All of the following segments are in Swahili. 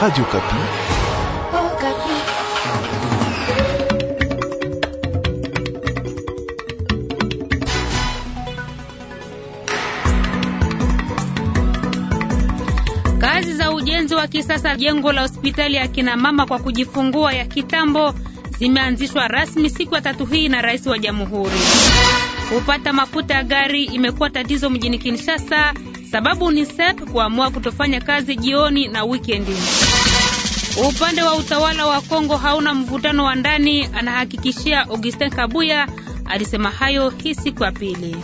Radio Kapi. Oh, Kapi. Kazi za ujenzi wa kisasa jengo la hospitali ya kina mama kwa kujifungua ya kitambo zimeanzishwa rasmi siku ya tatu hii na rais wa jamhuri. Kupata mafuta ya gari imekuwa tatizo mjini Kinshasa, sababu ni SEP kuamua kutofanya kazi jioni na wikendi. Upande wa utawala wa Kongo hauna mvutano wa ndani, anahakikishia Augustin Kabuya. Alisema hayo hii siku ya pili.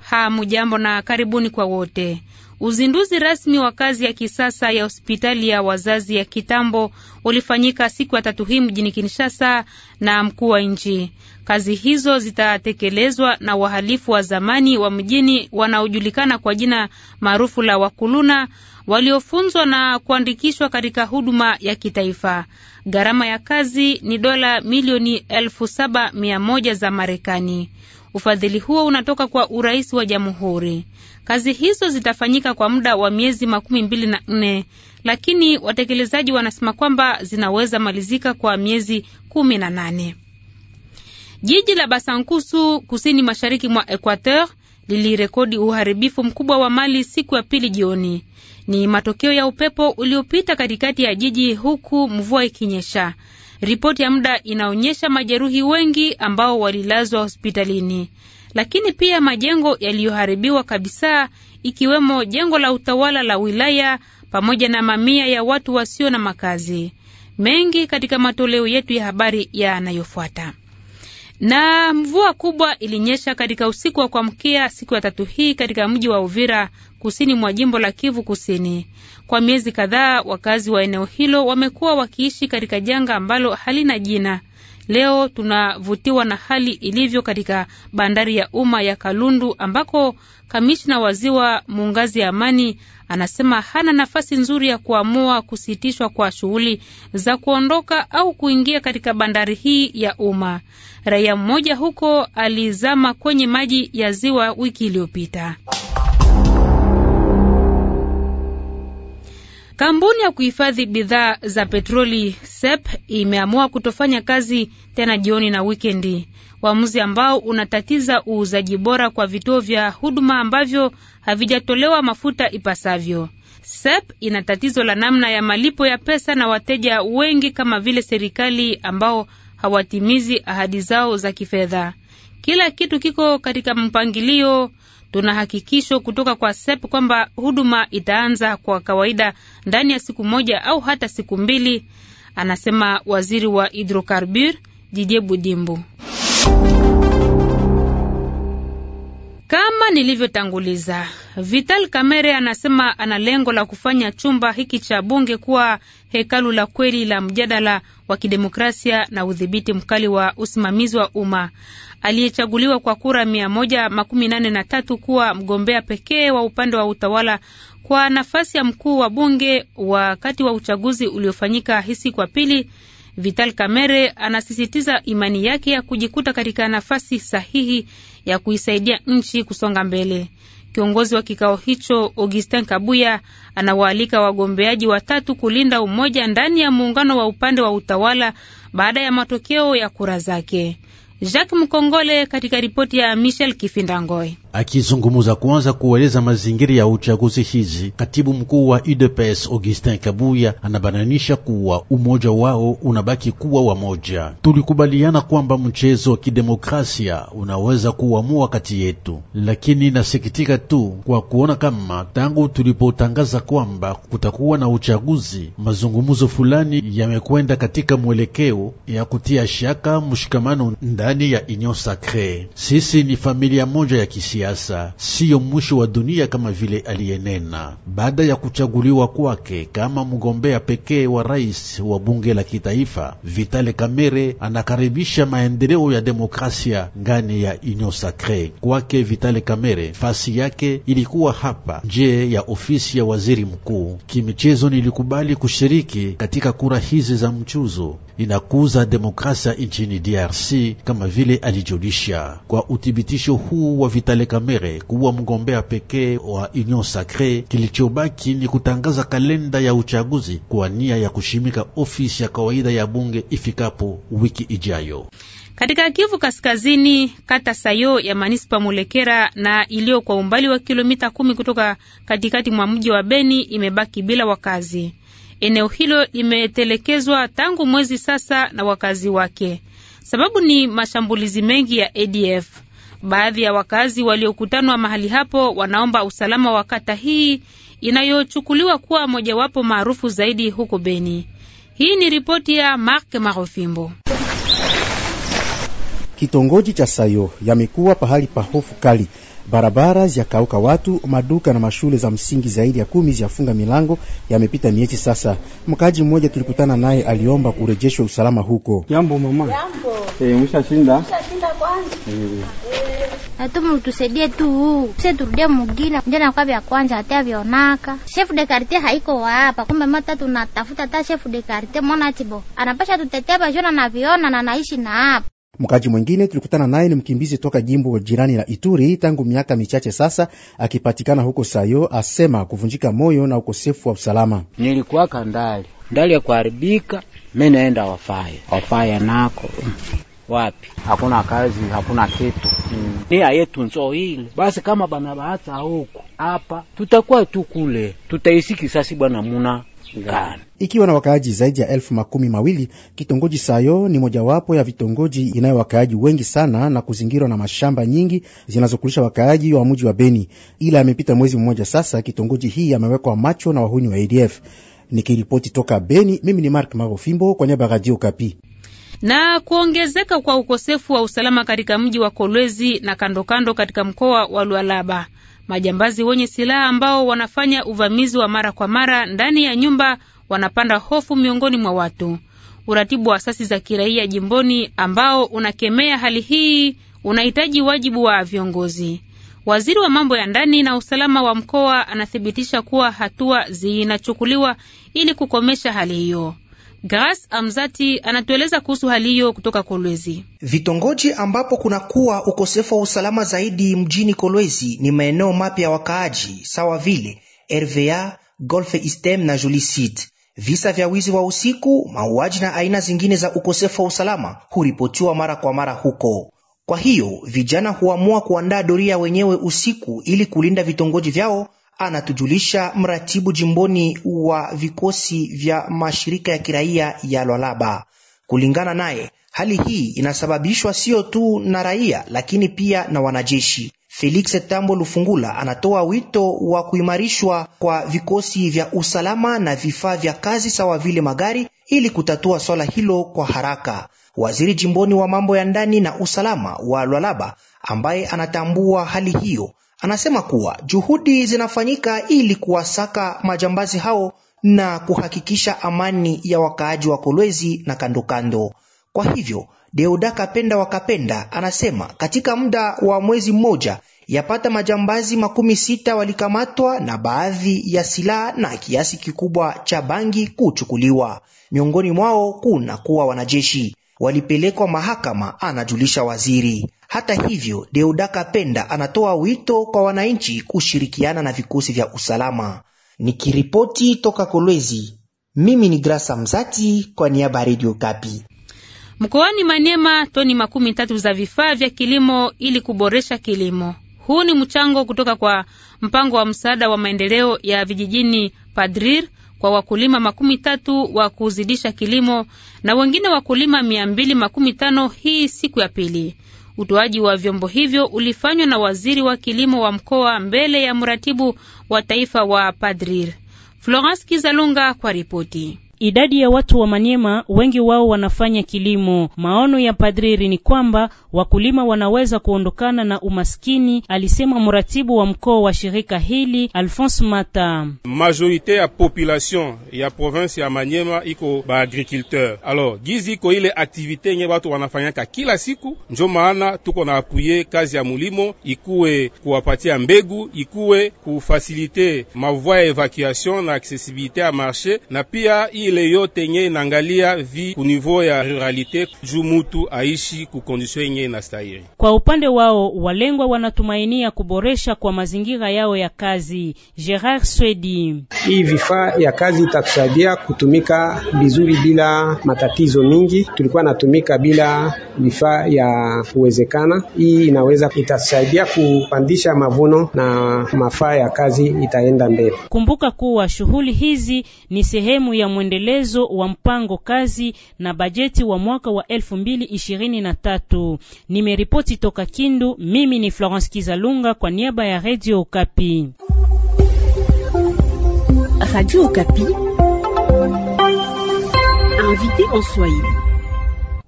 Hamujambo na karibuni kwa wote. Uzinduzi rasmi wa kazi ya kisasa ya hospitali ya wazazi ya kitambo ulifanyika siku ya tatu hii mjini Kinshasa na mkuu wa nchi. Kazi hizo zitatekelezwa na wahalifu wa zamani wa mjini wanaojulikana kwa jina maarufu la wakuluna waliofunzwa na kuandikishwa katika huduma ya kitaifa. Gharama ya kazi ni dola milioni elfu saba mia moja za Marekani. Ufadhili huo unatoka kwa urais wa jamhuri. Kazi hizo zitafanyika kwa muda wa miezi makumi mbili na nne, lakini watekelezaji wanasema kwamba zinaweza malizika kwa miezi kumi na nane. Jiji la Basankusu kusini mashariki mwa Equateur lilirekodi uharibifu mkubwa wa mali siku ya pili jioni. Ni matokeo ya upepo uliopita katikati ya jiji huku mvua ikinyesha. Ripoti ya muda inaonyesha majeruhi wengi ambao walilazwa hospitalini, lakini pia majengo yaliyoharibiwa kabisa, ikiwemo jengo la utawala la wilaya pamoja na mamia ya watu wasio na makazi. Mengi katika matoleo yetu ya habari yanayofuata. Na mvua kubwa ilinyesha katika usiku wa kuamkia siku ya tatu hii katika mji wa Uvira kusini mwa jimbo la Kivu Kusini. Kwa miezi kadhaa wakazi wa eneo hilo wamekuwa wakiishi katika janga ambalo halina jina. Leo tunavutiwa na hali ilivyo katika bandari ya umma ya Kalundu ambako kamishna wa ziwa Muungazi ya Amani anasema hana nafasi nzuri ya kuamua kusitishwa kwa shughuli za kuondoka au kuingia katika bandari hii ya umma. Raia mmoja huko alizama kwenye maji ya ziwa wiki iliyopita. Kampuni ya kuhifadhi bidhaa za petroli SEP imeamua kutofanya kazi tena jioni na wikendi, uamuzi ambao unatatiza uuzaji bora kwa vituo vya huduma ambavyo havijatolewa mafuta ipasavyo. SEP ina tatizo la namna ya malipo ya pesa na wateja wengi kama vile serikali ambao hawatimizi ahadi zao za kifedha. Kila kitu kiko katika mpangilio, Tuna hakikisho kutoka kwa SEP kwamba huduma itaanza kwa kawaida ndani ya siku moja au hata siku mbili, anasema waziri wa hidrokarbur Didie Budimbu. nilivyotanguliza, Vital Kamerhe anasema ana lengo la kufanya chumba hiki cha bunge kuwa hekalu la kweli la mjadala wa kidemokrasia na udhibiti mkali wa usimamizi wa umma. Aliyechaguliwa kwa kura mia moja makumi nane na tatu kuwa mgombea pekee wa upande wa utawala kwa nafasi ya mkuu wa bunge wakati wa uchaguzi uliofanyika hisi kwa pili Vital Kamerhe anasisitiza imani yake ya kujikuta katika nafasi sahihi ya kuisaidia nchi kusonga mbele. Kiongozi wa kikao hicho Augustin Kabuya anawaalika wagombeaji watatu kulinda umoja ndani ya muungano wa upande wa utawala baada ya matokeo ya kura zake. Jacques Mkongole katika ripoti ya Michel Kifindangoi. Akizungumza kwanza kueleza mazingira ya uchaguzi hizi, katibu mkuu wa UDPS Augustin Kabuya anabananisha kuwa umoja wao unabaki kuwa wamoja. Tulikubaliana kwamba mchezo wa kidemokrasia unaweza kuamua kati yetu, lakini nasikitika tu kwa kuona kama tangu tulipotangaza kwamba kutakuwa na uchaguzi, mazungumzo fulani yamekwenda katika mwelekeo ya kutia shaka mshikamano ndani ya Union Sacre. Sisi ni familia moja ya kisi kisiasa siyo mwisho wa dunia kama vile aliyenena baada ya kuchaguliwa kwake kama mgombea pekee wa rais wa bunge la kitaifa. Vitale Kamere anakaribisha maendeleo ya demokrasia ngani ya Union Sacre. Kwake Vitale Kamere, fasi yake ilikuwa hapa nje ya ofisi ya waziri mkuu. Kimichezo, nilikubali kushiriki katika kura hizi za mchuzo, inakuza demokrasia nchini DRC kama vile alijulisha. Kwa uthibitisho huu wa Vitale Kamerhe kuwa mgombea pekee wa Union Sacre. Kilichobaki ni kutangaza kalenda ya uchaguzi kwa nia ya kushimika ofisi ya kawaida ya bunge ifikapo wiki ijayo. Katika Kivu Kaskazini, kata Sayo ya manispa Mulekera na iliyo kwa umbali wa kilomita kumi kutoka katikati mwa mji wa Beni imebaki bila wakazi. Eneo hilo limetelekezwa tangu mwezi sasa na wakazi wake. Sababu ni mashambulizi mengi ya ADF. Baadhi ya wakazi waliokutanwa mahali hapo wanaomba usalama wa kata hii inayochukuliwa kuwa mojawapo maarufu zaidi huko Beni. Hii ni ripoti ya Mark Marofimbo. Kitongoji cha Sayo yamekuwa pahali pa hofu kali barabara ziakauka, watu maduka na mashule za msingi zaidi ya kumi ziafunga milango. Yamepita miezi sasa. Mkaji mmoja tulikutana naye aliomba kurejeshwa usalama huko. Jambo mama. Jambo. Eh, Mshashinda eh, eh, Natuma utusaidie tu huu se turudie mugine ndio kwa vya kwanza hata vionaka chef de quartier haiko hapa, kumbe mata tunatafuta ta chef de quartier mwana tibo anapasha tutetea bajona na viona na naishi na hapa Mkaji mwingine tulikutana naye ni mkimbizi toka jimbo jirani la Ituri tangu miaka michache sasa, akipatikana huko Sayo, asema kuvunjika moyo na ukosefu wa usalama. Nilikuwaka ndali ndali ya kuharibika, mi naenda wafaya wafaya nako wapi, hakuna kazi, hakuna kitu mm. Nia nzo ile basi, kama bana baata huku hapa, tutakuwa tu kule, tutaisiki sasi bwana muna gani. Ikiwa na wakaaji zaidi ya elfu makumi mawili, kitongoji Sayo ni mojawapo ya vitongoji inayo wakaaji wengi sana na kuzingirwa na mashamba nyingi zinazokulisha wakaaji wa mji wa Beni. Ila amepita mwezi mmoja sasa, kitongoji hii amewekwa macho na wahuni wa ADF. Nikiripoti toka Beni, mimi ni Mark Marofimbo kwa niaba ya Radio Kapi na kuongezeka kwa ukosefu wa usalama katika mji wa Kolwezi na kandokando kando katika mkoa wa Lualaba. Majambazi wenye silaha ambao wanafanya uvamizi wa mara kwa mara ndani ya nyumba wanapanda hofu miongoni mwa watu. Uratibu wa asasi za kiraia jimboni ambao unakemea hali hii unahitaji wajibu wa viongozi. Waziri wa mambo ya ndani na usalama wa mkoa anathibitisha kuwa hatua zinachukuliwa ili kukomesha hali hiyo. Gras Amzati anatueleza kuhusu hali hiyo kutoka Kolwezi. Vitongoji ambapo kunakuwa ukosefu wa usalama zaidi mjini Kolwezi ni maeneo mapya ya wakaaji sawa vile RVA, Golfe Istem na Julisit. Visa vya wizi wa usiku, mauaji na aina zingine za ukosefu wa usalama huripotiwa mara kwa mara huko. Kwa hiyo vijana huamua kuandaa doria wenyewe usiku ili kulinda vitongoji vyao anatujulisha mratibu jimboni wa vikosi vya mashirika ya kiraia ya Lwalaba. Kulingana naye, hali hii inasababishwa sio tu na raia lakini pia na wanajeshi. Felix Tambo Lufungula anatoa wito wa kuimarishwa kwa vikosi vya usalama na vifaa vya kazi sawa vile magari ili kutatua swala hilo kwa haraka. Waziri jimboni wa mambo ya ndani na usalama wa Lwalaba ambaye anatambua hali hiyo Anasema kuwa juhudi zinafanyika ili kuwasaka majambazi hao na kuhakikisha amani ya wakaaji wa Kolwezi na kandokando. Kwa hivyo Deuda Kapenda wa Kapenda anasema katika muda wa mwezi mmoja yapata majambazi makumi sita walikamatwa na baadhi ya silaha na kiasi kikubwa cha bangi kuchukuliwa. Miongoni mwao kuna kuwa wanajeshi walipelekwa mahakama, anajulisha waziri. Hata hivyo, Deodaka Penda anatoa wito kwa wananchi kushirikiana na vikosi vya usalama. Nikiripoti toka Kolwezi, mimi ni Grasa Mzati kwa niaba ya Redio Kapi. Mkoani manyema toni makumi tatu za vifaa vya kilimo ili kuboresha kilimo. Huu ni mchango kutoka kwa mpango wa msaada wa maendeleo ya vijijini PADRIR kwa wakulima makumi tatu wa kuzidisha kilimo na wengine wakulima mia mbili makumi tano hii siku ya pili. Utoaji wa vyombo hivyo ulifanywa na waziri wa kilimo wa mkoa mbele ya mratibu wa taifa wa Padrir. Florence Kizalunga kwa ripoti. Idadi ya watu wa Manyema wengi wao wanafanya kilimo. Maono ya padriri ni kwamba wakulima wanaweza kuondokana na umaskini, alisema mratibu wa mkoa wa shirika hili Alphonse Mata. Majorite ya population ya province ya Manyema iko ba agriculteur. Alors gizi ko ile activité nye watu wanafanyaka kila siku, njo maana tuko na apuye kazi ya mulimo, ikuwe kuwapatia mbegu, ikuwe kufasilite mavoie ya evacuation na accessibilité ya marché na pia ile ile yote yenye inaangalia vi kunivou ya ruralite juu mutu aishi kukondision yenye inastahiri Kwa upande wao walengwa wanatumainia kuboresha kwa mazingira yao ya kazi. Gerard Swedi: hii vifaa ya kazi itatusaidia kutumika vizuri bila matatizo mingi. Tulikuwa natumika bila vifaa ya kuwezekana, hii inaweza itasaidia kupandisha mavuno na mafaa ya kazi itaenda mbele. Kumbuka kuwa shughuli hizi ni sehemu ya mwendelezo mwendelezo wa mpango kazi na bajeti wa mwaka wa 2023. Nimeripoti toka Kindu, mimi ni Florence Kizalunga kwa niaba ya Radio Okapi. Radio Okapi. Invité en Swahili.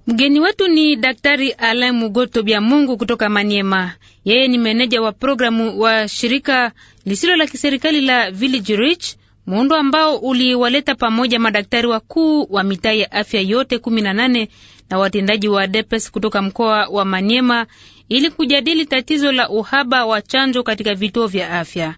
Mgeni wetu ni Daktari Alain Mugoto Bya Mungu kutoka Maniema. Yeye ni meneja wa programu wa shirika lisilo la kiserikali la Village Reach muundo ambao uliwaleta pamoja madaktari wakuu wa mitaa ya afya yote kumi na nane na watendaji wa DEPES kutoka mkoa wa Maniema ili kujadili tatizo la uhaba wa chanjo katika vituo vya afya.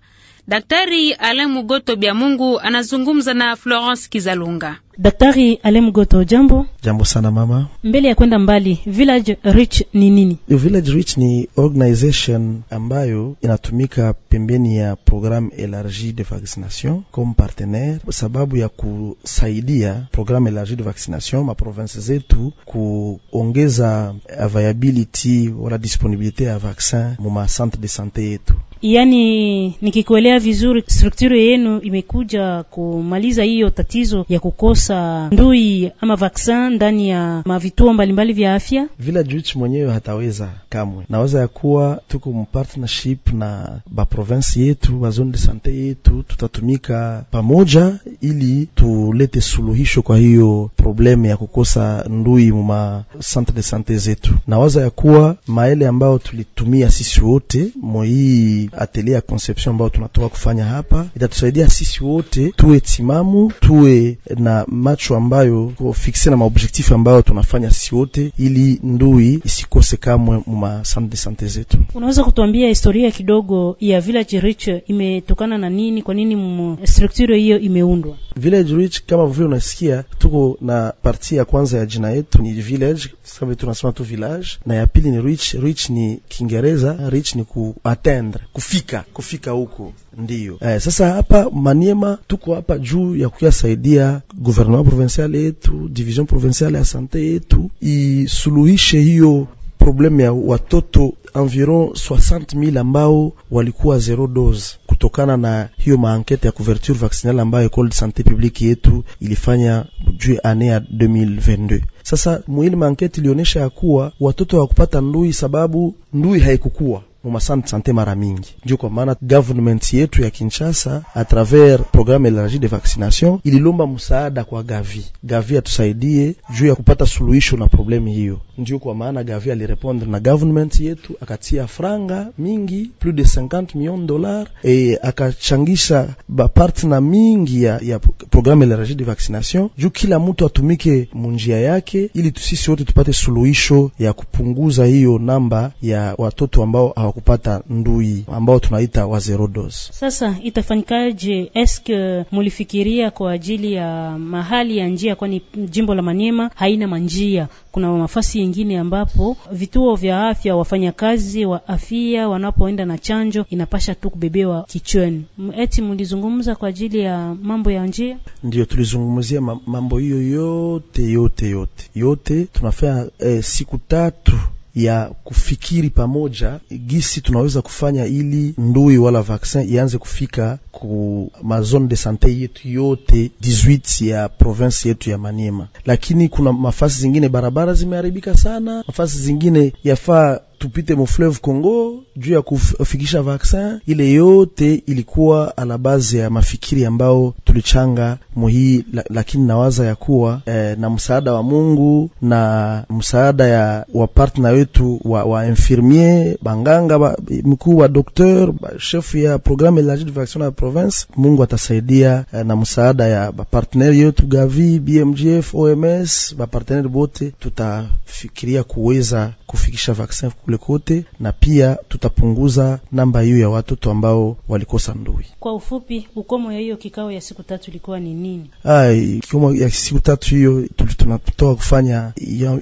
Daktari Alain Mugoto Bya Mungu anazungumza na Florence Kizalunga. Daktari Alemgoto, jambo. Jambo sana mama. Mbele ya kwenda mbali, Village Reach ni nini? Village Reach ni organization ambayo inatumika pembeni ya programme élargie de vaccination comme partenaire, sababu ya kusaidia programme élargie de vaccination ma province zetu kuongeza availability wala disponibilité ya vaccin ma centre de santé yetu. yaani nikikuelewa vizuri, structure yenu imekuja kumaliza hiyo tatizo ya kukosa kukosa ndui ama vaksin ndani ya mavituo mbalimbali vya afya. vila Witch mwenyewe hataweza kamwe, naweza ya kuwa tuko mpartnership na baprovinsi yetu bazone de sante yetu, tutatumika pamoja ili tulete suluhisho kwa hiyo probleme ya kukosa ndui muma centre de sante zetu. Nawaza ya kuwa maele ambayo tulitumia sisi wote hii atelier ya conception ambayo tunatoka kufanya hapa itatusaidia sisi wote tuwe timamu, tuwe na macho ambayo ko fixe na maobjektifu ambayo tunafanya si wote, ili ndui isikose kamwe muma sante de sante zetu. Unaweza kutuambia historia kidogo ya village rich imetokana na nini? Kwa nini structure hiyo imeundwa? Village Rich kama vile unasikia, tuko na parti ya kwanza ya jina yetu ni village, sababu tunasema tu village, na ya pili ni rich. Rich ni Kiingereza, rich ni kuatendre, kufika, kufika huko ndio Eh, sasa hapa Maniema tuko hapa juu ya kuyasaidia gouvernement provincial yetu, division provinciale ya sante yetu isuluhishe hiyo probleme ya watoto environ 60000 ambao walikuwa zero dose kutokana na hiyo maankete ya couverture vaccinale ambayo Ecole de santé Publique yetu ilifanya juu ane ya 2022. Sasa mwili maankete ilionyesha ya kuwa watoto hawakupata ndui, sababu ndui haikukua mumasante sante mara mingi. Ndio kwa maana government yetu ya Kinshasa a travers programme elargi de vaccination ililomba msaada kwa Gavi. Gavi atusaidie juu ya kupata suluhisho na problemu hiyo. Ndio kwa maana Gavi alirepondre na government yetu akatia franga mingi plus de 50 millions dollars, e akachangisha bapartena mingi ya, ya programme elargi de vaccination juu kila mtu atumike munjia yake, ili sisi wote tupate suluhisho ya kupunguza hiyo namba ya watoto ambao hawa kupata ndui ambao tunaita wa zero dose. Sasa itafanyikaje? Eske mulifikiria kwa ajili ya mahali ya njia, kwani jimbo la Maniema haina manjia? Kuna nafasi yingine ambapo vituo vya afya, wafanyakazi wa afya wanapoenda na chanjo inapasha tu kubebewa kichweni. Eti mulizungumza kwa ajili ya mambo ya njia? ndio tulizungumzia mambo hiyo yote yote yote yote, tunafanya eh, siku tatu ya kufikiri pamoja gisi tunaweza kufanya ili ndui wala vaksin ianze kufika ku mazone de sante yetu yote 18 ya province yetu ya Maniema, lakini kuna mafasi zingine barabara zimeharibika sana, mafasi zingine yafaa tupite mufleuve Congo juu ya kufikisha vaksin ile yote ilikuwa ala bazi ya mafikiri ambao tulichanga muhii, lakini nawaza ya kuwa eh, na msaada wa Mungu na msaada ya partner wetu wa, wa infirmier banganga ba, mkuu wa dokteur ba, shefu ya programme élargie de vaccination ya province, Mungu atasaidia eh, na msaada ya bapartenere yetu Gavi, BMGF, OMS, bapartenere bote tutafikiria kuweza kufikisha vaksin kule kote, na pia tutapunguza namba hiyo ya watoto ambao walikosa ndui. Kwa ufupi, ukomo ya hiyo kikao ya siku tatu ilikuwa ni nini? Ai, ah, kikomo ya siku tatu hiyo tunatoka kufanya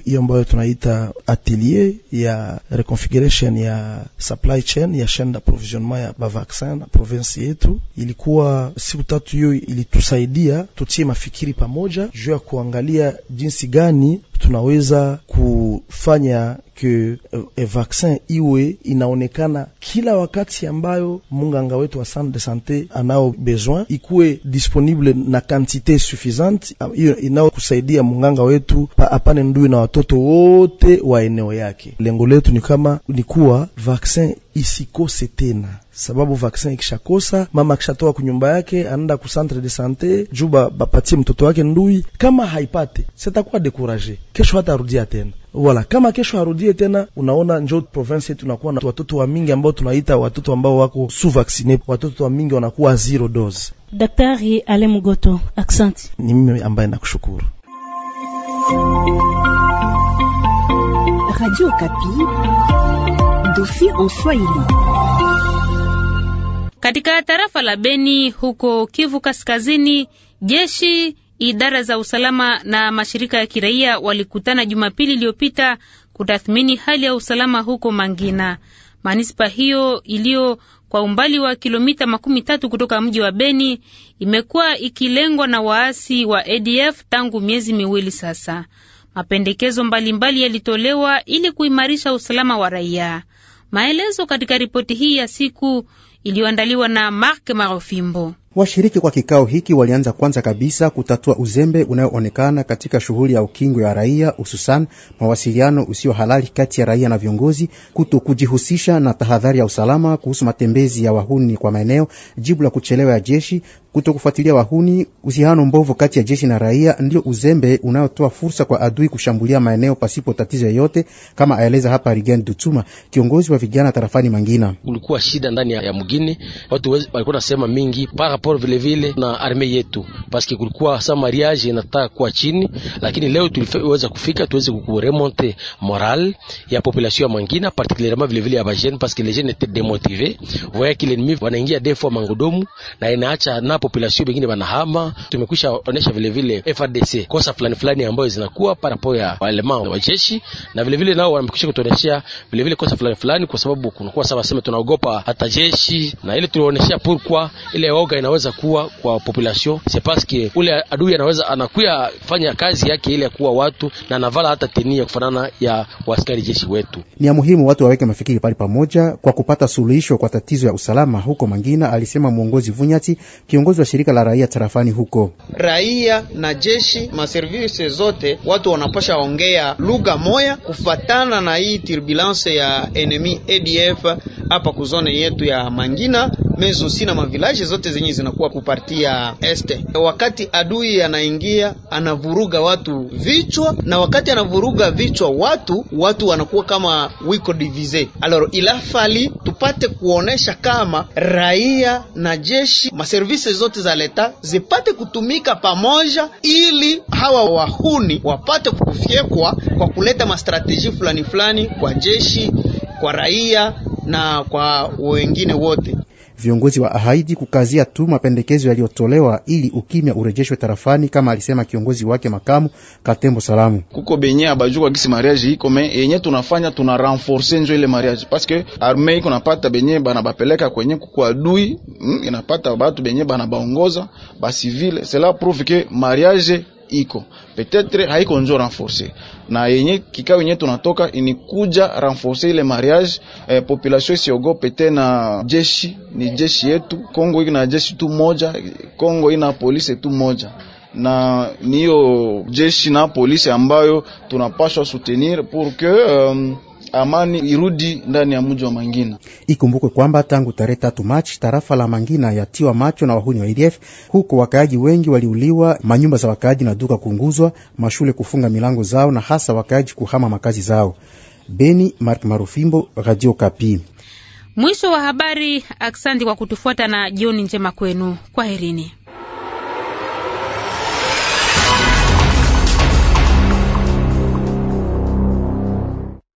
hiyo ambayo tunaita atelier ya reconfiguration ya supply chain ya chaine d'approvisionnement ya vaccin na province yetu. Ilikuwa siku tatu hiyo ilitusaidia tutie mafikiri pamoja juu ya kuangalia jinsi gani tunaweza kufanya que e, vaccin iwe inaonekana kila wakati ambayo munganga wetu wa centre de sante anao besoin, ikuwe disponible na kantite suffisante ah, kusaidia munganga wetu pa, apane ndui na watoto wote wa eneo yake. Lengo letu ni kama ni kuwa vaccin isikose tena, sababu vaksin ikishakosa, mama akishatoka kunyumba yake anaenda ku centre de sante juba bapatie mtoto wake ndui. Kama haipate sitakuwa dekuraje, kesho hata arudia tena wala kama kesho arudie tena. Unaona, njo province yetu unakuwa na watoto wa mingi ambao tunaita watoto ambao wako sous vaccine, watoto wa mingi wanakuwa zero dose. Daktari Ale Mugoto, accent Ni mimi ambaye nakushukuru. Radio Kapi dossier en Swahili. Katika tarafa la Beni huko Kivu Kaskazini, jeshi, idara za usalama na mashirika ya kiraia walikutana Jumapili iliyopita kutathmini hali ya usalama huko Mangina. Manispa hiyo iliyo kwa umbali wa kilomita makumi tatu kutoka mji wa Beni imekuwa ikilengwa na waasi wa ADF tangu miezi miwili sasa. Mapendekezo mbalimbali yalitolewa ili kuimarisha usalama wa raia. Maelezo katika ripoti hii ya siku iliyoandaliwa na Mark Marofimbo. Washiriki kwa kikao hiki walianza kwanza kabisa kutatua uzembe unayoonekana katika shughuli ya ukingo ya raia, hususan mawasiliano usio halali kati ya raia na viongozi, kuto kujihusisha na tahadhari ya usalama kuhusu matembezi ya wahuni kwa maeneo, jibu la kuchelewa ya jeshi, Kutokufuatilia wahuni, uhusiano mbovu kati ya jeshi na raia ndio uzembe unaotoa fursa kwa adui kushambulia maeneo pasipo tatizo yoyote, kama aeleza hapa Rigen Dutuma, kiongozi wa vijana tarafani Mangina. Kulikuwa shida ndani ya mgini, watu walikuwa nasema mingi par rapport vile vile na arme yetu, paske kulikuwa sa mariage inataka kuwa chini, lakini leo tuliweza kufika tuweze kukuremonte moral ya population ya Mangina, particulierement vile vile ya bajene, paske les jeunes étaient démotivés voyez que l'ennemi wanaingia defo mangodomu na inaacha napo population bengine banahama. Tumekwisha onesha vile FDC kosa fulani fulani ambayo zinakuwa parapo ya waelema wa jeshi, na vile vile nao wamekwisha vile vile kosa fulani fulani, kwa sababu kunakuwa sawa sema tunaogopa hata jeshi na ile tulionyesha pourquoi ile woga inaweza kuwa kwa population c'est parce que ule adui anaweza anakuya fanya kazi yake ile ya kuwa watu na anavala hata tenia kufanana ya waskari jeshi wetu. Ni muhimu watu waweke mafikiri pale pamoja kwa kupata suluhisho kwa tatizo ya usalama huko Mangina, alisema mwongozi Vunyati, kiongozi kiongozi wa shirika la raia tarafani huko. Raia na jeshi maservise zote watu wanapasha ongea lugha moya kufatana na hii turbulence ya enemy ADF hapa kuzone yetu ya Mangina mezosi na mavilaje zote zenye zinakuwa kupartia este. Wakati adui anaingia anavuruga watu vichwa, na wakati anavuruga vichwa watu watu wanakuwa kama wiko divize. Alors ilafali tupate kuonesha kama raia na jeshi maservise zote za leta zipate kutumika pamoja, ili hawa wahuni wapate kufyekwa kwa kuleta mastrateji fulani fulani kwa jeshi, kwa raia na kwa wengine wote. Viongozi wa ahaidi kukazia tu mapendekezo yaliyotolewa ili ukimya urejeshwe tarafani, kama alisema kiongozi wake makamu Katembo Salamu. Kuko benye abajua kisi mariage iko me yenye tunafanya tuna renforcer njo ile mariage paske arme iko napata benye bana bapeleka kwenye kuko adui mm, inapata batu benye bana baongoza basivile cela prouve que mariage iko peut-être haiko njo renforce na yenye kikao yenye tunatoka inikuja kuja renforcer ile mariage eh, population isiogope tena. Jeshi ni jeshi yetu, Kongo na jeshi tu moja, Kongo ina polisi tu moja na niyo jeshi na polisi ambayo tunapashwa soutenir pour que um, amani irudi ndani ya mji wa Mangina. Ikumbukwe kwamba tangu tarehe tatu Machi tarafa la Mangina yatiwa macho na wahuni wa ADF, huko wakaaji wengi waliuliwa, manyumba za wakaaji na duka kuunguzwa, mashule kufunga milango zao na hasa wakaaji kuhama makazi zao. Beni, Mark Marufimbo, Radio Kapi. Mwisho wa habari. aksandi kwa kutufuata na jioni njema kwenu. Kwaherini.